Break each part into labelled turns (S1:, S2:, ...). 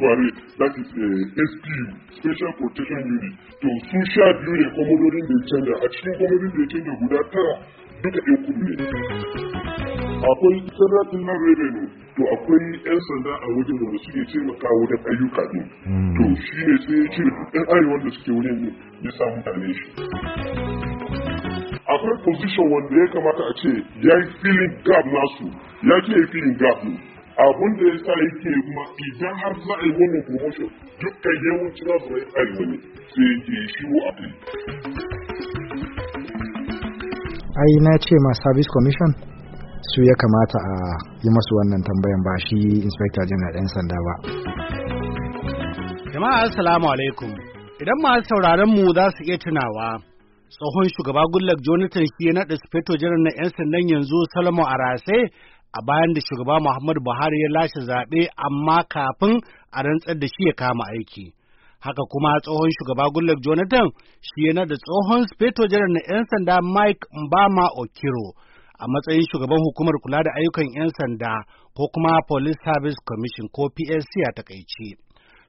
S1: Buhari that is uh, SPU Special Protection Unit to da canja a cikin komododin da canja guda tara duka kudu ne. Akwai to akwai 'yan sanda a wajen da suke taimaka wajen ayyuka ne. To shi ne sai ya cire duk arewa da suke wajen ne ya mutane shi. Akwai position wanda ya kamata a ce ya yi filin nasu ya ke filin ne. abun da ya sa yake idan har za a yi wannan promotion duka yawanci za su yi arewa ne sai yake shiru a abin.
S2: ai na ce ma service commission su ya kamata a yi masu wannan tambayan ba shi inspector general ɗan sanda ba.
S3: jama'a assalamu alaikum idan masu sauraron mu za su iya tunawa tsohon shugaba Gullak Jonathan shi ya naɗa Sufeto Janar na 'yan sandan yanzu Salomo Arase a bayan da shugaba Muhammadu Buhari ya lashe zaɓe amma kafin a rantsar da shi ya kama aiki. Haka kuma tsohon shugaba Goodluck Jonathan shi yana da tsohon Speto Janar na 'yan sanda Mike Mbama Okiro a matsayin shugaban hukumar kula da ayyukan 'yan sanda ko kuma Police Service Commission ko PSC a takaici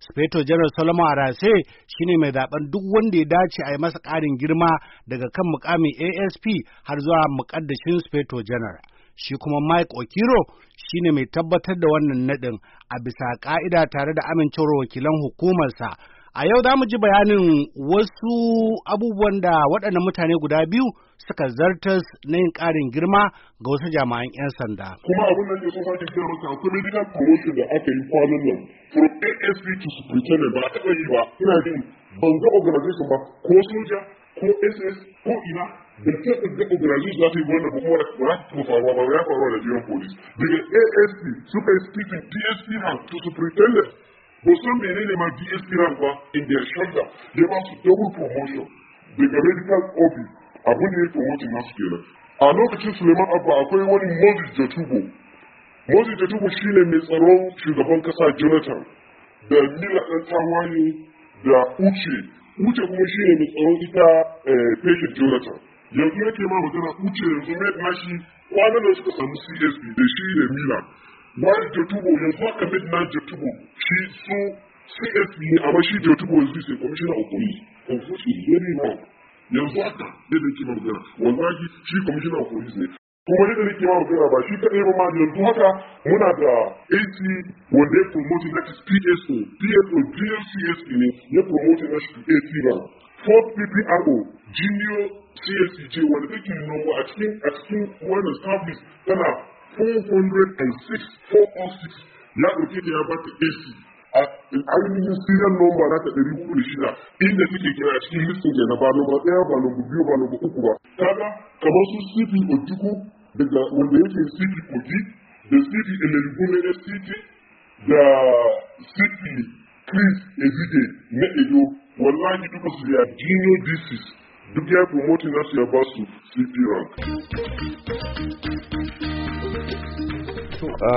S3: Speto General Solomon Arase shi ne mai zaben duk wanda ya dace a yi masa ƙarin girma daga kan mukamin ASP har zuwa mukaddashin Speto General. shi kuma Mike Okiro shine mai tabbatar da wannan naɗin a bisa ƙa'ida tare da amincewar wakilan hukumarsa. A yau za mu ji bayanin wasu abubuwan da waɗannan mutane guda biyu suka zartas na yin ƙarin girma ga wasu jama'an 'yan sanda. Kuma
S1: abin da ke kuka ta ce a kuma gidan promotion da aka yi kwanan nan from ASP to superintendent ba a taɓa yi ba ina jin ban ga organization ba ko soja ko SS ko ina da ke ɗin Ibrahim za su yi wannan ba kuma ba za su faruwa ba ya faruwa da jiran polis daga ASP suka yi skipping DSP rank to superintendent me ne menene ma DSP rank ba in their shoulder ya ba su double promotion daga medical office abin da ya promoting nasu kenan a lokacin Suleiman Abba akwai wani Moses Jatubo Moses Jatubo shine mai tsaron shugaban kasa Jonathan da Nila ɗan tawaye da Uche Uche kuma shine mai tsaron ita Patient Jonathan yanzu ya ke ma magana uce yanzu red mashi kwanan da suka samu csp da shi da mila bayan jatubo yanzu haka mid na jatubo shi so csp ne amma shi jatubo yanzu sai commissioner of police confusion very wrong yanzu haka ne da ke magana wallahi shi commissioner of police ne kuma da nake ma magana ba shi kaɗai ba ma yanzu haka muna da AC wanda ya promote na PSO PSO GLCSP ne ya promote na shi AC ba fourth PPRO junior CSEJ wanda take noma a cikin a cikin wannan service tana 406 ya ɗauke ta ya ba ta AC a ainihin serial number nata ɗari hudu shida inda take kira a cikin listin ke na ba nomba ɗaya ba nomba biyu ba nomba uku ba kaga kamar su CP Ojuku daga wanda yake CP Kogi da CP Elelugune na CP da CP Chris Ezide na Edo wallahi duka su ya junior districts duk ya promoting nasu ya ba su cp rank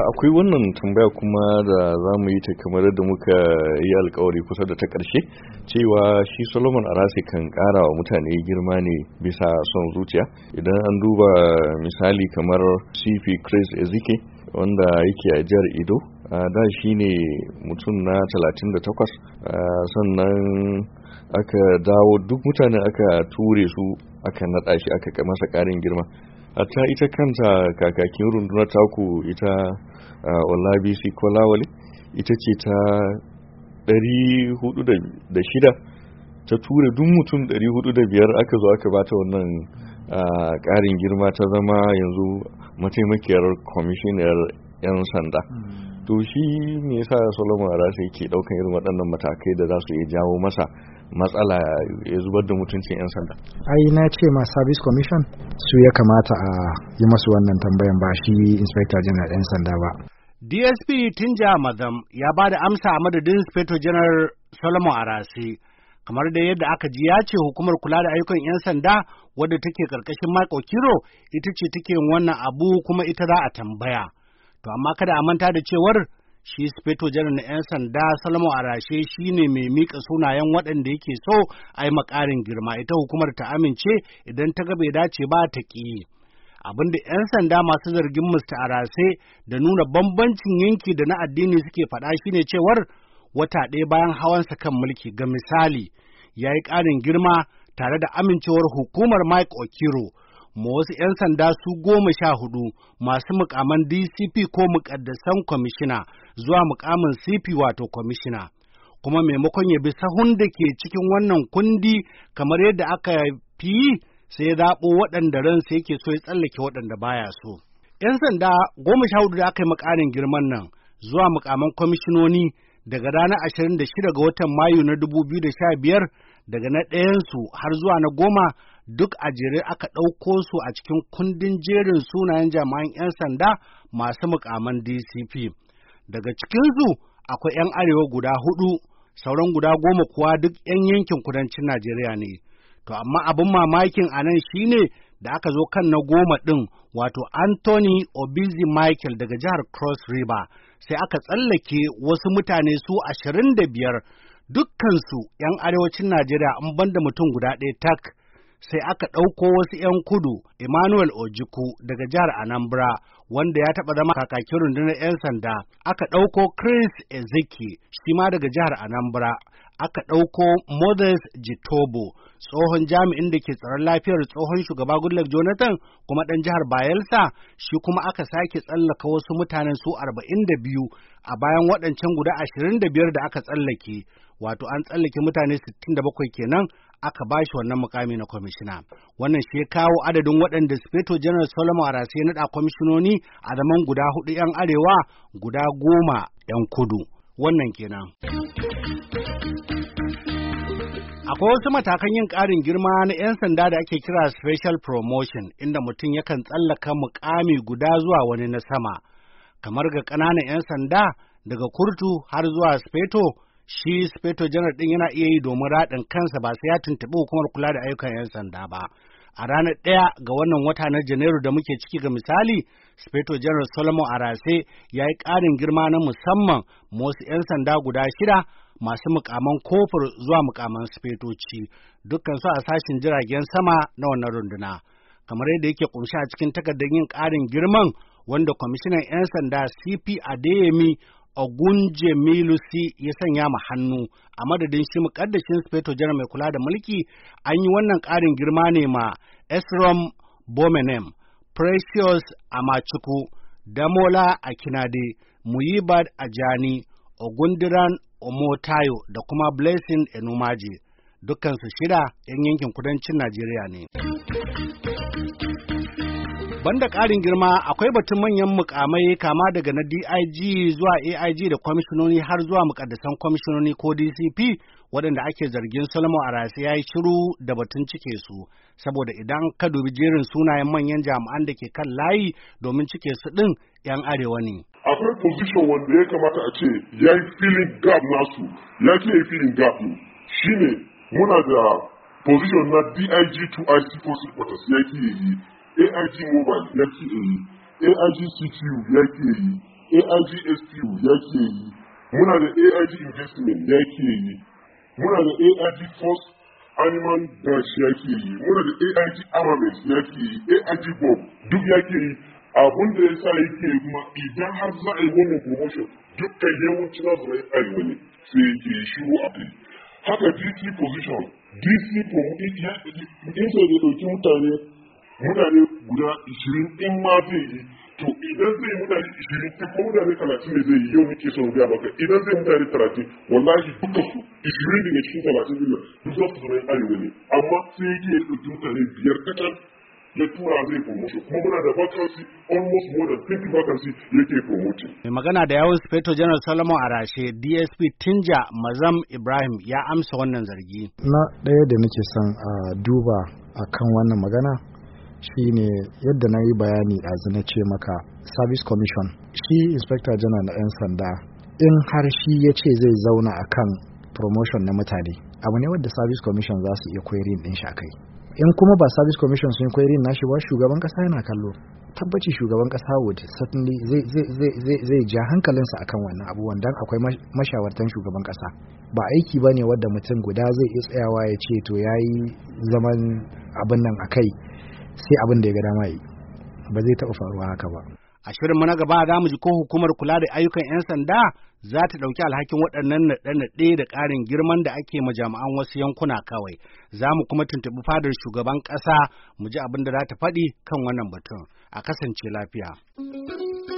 S2: akwai wannan tambaya kuma da za mu yi ta kamar da muka yi alkawari kusa da ta ƙarshe cewa shi solomon arasi kan ƙara wa mutane girma ne bisa son zuciya idan an duba misali kamar cp chris ezike wanda yake a jihar ido da shi ne mutum na 38 sannan aka dawo duk mutane aka ture su aka naɗa shi aka masa ƙarin girma hatta ita kanta kakakin rundunar taku ita olabisi kolawale ita ce ta 406 ta ture duk mutum 405 aka zo aka bata wannan ƙarin girma ta zama yanzu mataimakiyar kwamishinar 'yan sanda hmm. to shi me yasa solomon arasa yake daukan irin waɗannan matakai da za su iya jawo masa matsala ya zubar da mutuncin 'yan sanda ai na ce ma service commission su ya kamata a yi masu wannan tambayan ba shi inspector general 'yan sanda ba
S3: dsp tinja madam ya ba da amsa a madadin inspector general solomon arasi kamar da yadda aka ji ya ce hukumar kula da ayyukan 'yan sanda wadda take karkashin Michael Kiro ita ce take wannan abu kuma ita za a tambaya. To amma kada a manta da cewar shi speto Janar na 'yan sanda Salmo Arashe shi ne mai mika sunayen waɗanda yake so a yi makarin girma ita hukumar ta amince idan ta bai dace ba ta ƙi. da 'yan sanda masu zargin Mr. Arase da nuna bambancin yanki da na addini suke faɗa ne cewar wata ɗaya bayan hawansa kan mulki ga misali ya yi ƙarin girma tare da amincewar hukumar Mike Okiro ma wasu 'yan sanda su goma sha hudu masu mukaman DCP ko mukaddasan kwamishina zuwa mukamin CP wato kwamishina. Kuma maimakon ya bi sahun da ke cikin wannan kundi kamar yadda aka fi yi sai ya zaɓo waɗanda ransa ke so ya tsallake waɗanda baya so. 'Yan sanda goma sha hudu da aka yi makarin girman nan zuwa mukaman kwamishinoni daga ranar ashirin da shida ga watan Mayu na dubu biyu da sha biyar daga na ɗayansu har zuwa na goma duk a jere aka ɗauko su a cikin kundin jerin sunayen jami'an 'yan sanda masu mukaman DCP. Daga cikinsu akwai 'yan arewa guda hudu, sauran guda goma kuwa duk 'yan yankin kudancin Najeriya ne. To amma abin mamakin a nan shine da aka zo kan na goma ɗin wato Anthony Obizi Michael daga jihar Cross River sai aka tsallake wasu mutane su ashirin da biyar dukkansu 'yan arewacin Najeriya an banda mutum guda ɗaya tak sai aka ɗauko wasu 'yan kudu Emmanuel Ojiku daga jihar Anambra wanda ya taɓa zama kakakin rundunar 'yan sanda aka ɗauko Chris Ezeki shi ma daga jihar Anambra aka ɗauko Moses Jitobo tsohon jami'in da ke tsaron lafiyar tsohon shugaba Goodluck Jonathan kuma ɗan jihar Bayelsa shi kuma aka sake tsallaka wasu mutanen su 42 a bayan waɗancan guda 25 da aka tsallake wato an tsallake mutane sittin da bakwai kenan aka ba shi wannan mukami na kwamishina. Wannan shi kawo adadin waɗanda Sufeto General Solomon Arase ya naɗa kwamishinoni a zaman guda hudu 'yan arewa guda goma 'yan kudu. Wannan kenan. Akwai wasu matakan yin ƙarin girma na 'yan sanda da ake kira special promotion inda mutum yakan tsallaka mukami guda zuwa wani na sama, kamar ga ƙananan 'yan sanda daga kurtu har zuwa speto shi speto janar ɗin yana iya yi domin raɗin kansa ba sai ya tuntuɓi hukumar kula da ayyukan 'yan sanda ba. A ranar ɗaya ga wannan wata na Janairu da muke ciki ga misali, Speto janar Solomon Arase ya yi ƙarin girma na musamman wasu 'yan sanda guda shida masu mukaman kofar zuwa mukaman spetoci dukkansu a sashen jiragen sama na wannan runduna. Kamar yadda yake kunshi a cikin takardar yin ƙarin girman wanda kwamishinan 'yan sanda CP Adeyemi gunje Milusi ya sanya ma hannu a madadin shi mukaddashin Speto Janar mai kula da mulki an yi wannan ƙarin girma ne ma Esrom Bomenem, Precious Amachuku, Damola Akinade, Muyibad Ajani, Ogundiran Omotayo da kuma Blessing Enumaje, dukkansu shida 'yan yankin kudancin Najeriya
S1: ne.
S3: Banda ƙarin girma akwai batun manyan mukamai kama daga na DIG zuwa AIG da kwamishinoni har zuwa mukaddasan kwamishinoni ko DCP waɗanda ake zargin Solomon Arasi ya yi shiru da batun cike su saboda idan ka dubi jerin sunayen manyan jami'an da ke kan layi domin cike su ɗin 'yan arewa ne.
S1: Akwai position wanda ya kamata a ce ya yi filin gap nasu ya ke yi filin gap ne shine muna da position na DIG to IC4 headquarters ya ke yi AIG Mobile ya ke yi, AIG CTU ya ke yi, AIG STU ya ke yi, muna da AIG Investment ya ke yi, muna da AIG First Animal Dash ya ke yi, muna da AIG Armament ya ke yi, AIG Bob duk ya ke yi, abin da ya sa yake kuma idan har za a yi wannan promotion dukkan yawanci za su yi arewa ne sai ke shiru a kai. Haka DC position, DC promotion, in sai da ɗauki mutane mutane guda ishirin in ma zai yi to idan zai mutane ishirin in kuma mutane talatin ne zai yi yau nake son gaya maka idan zai mutane talatin wallahi duka su ishirin ne cikin talatin zai duk za su zama arewa ne amma sai yake yi ɗauki mutane biyar can, ya tura zai promotion kuma muna da vacancy almost more than 20 vacancy yake promoting.
S3: Mai magana da yawon Speto General Solomon Arashe DSP Tinja Mazam Ibrahim ya amsa wannan zargi. Na ɗaya
S2: da nake son a ah, duba a kan wannan magana shine yadda na yi bayani ɗazu na ce maka service commission shi inspector general na 'yan sanda in har shi ya ce zai zauna a kan promotion na mutane abu ne wadda service commission za su iya querying ɗin shi kai in kuma ba service commission sun na nashi ba shugaban kasa yana kallo tabbaci shugaban kasa would certainly zai ja hankalinsa akan wannan abubuwan dan akwai mashawartan shugaban kasa ba aiki ba ne wadda mutum guda zai iya tsayawa ya ce to ya yi zaman abin nan a kai sai abin da ya ga dama yi ba zai taɓa faruwa haka ba
S3: a shirin mana gaba za mu ji ko hukumar kula da ayyukan 'yan sanda za ta ɗauki alhakin waɗannan naɗe-naɗe da ƙarin girman da ake ma jami'an wasu yankuna kawai za mu kuma tuntuɓi fadar shugaban ƙasa mu ji abin da za ta faɗi kan wannan batun a kasance lafiya.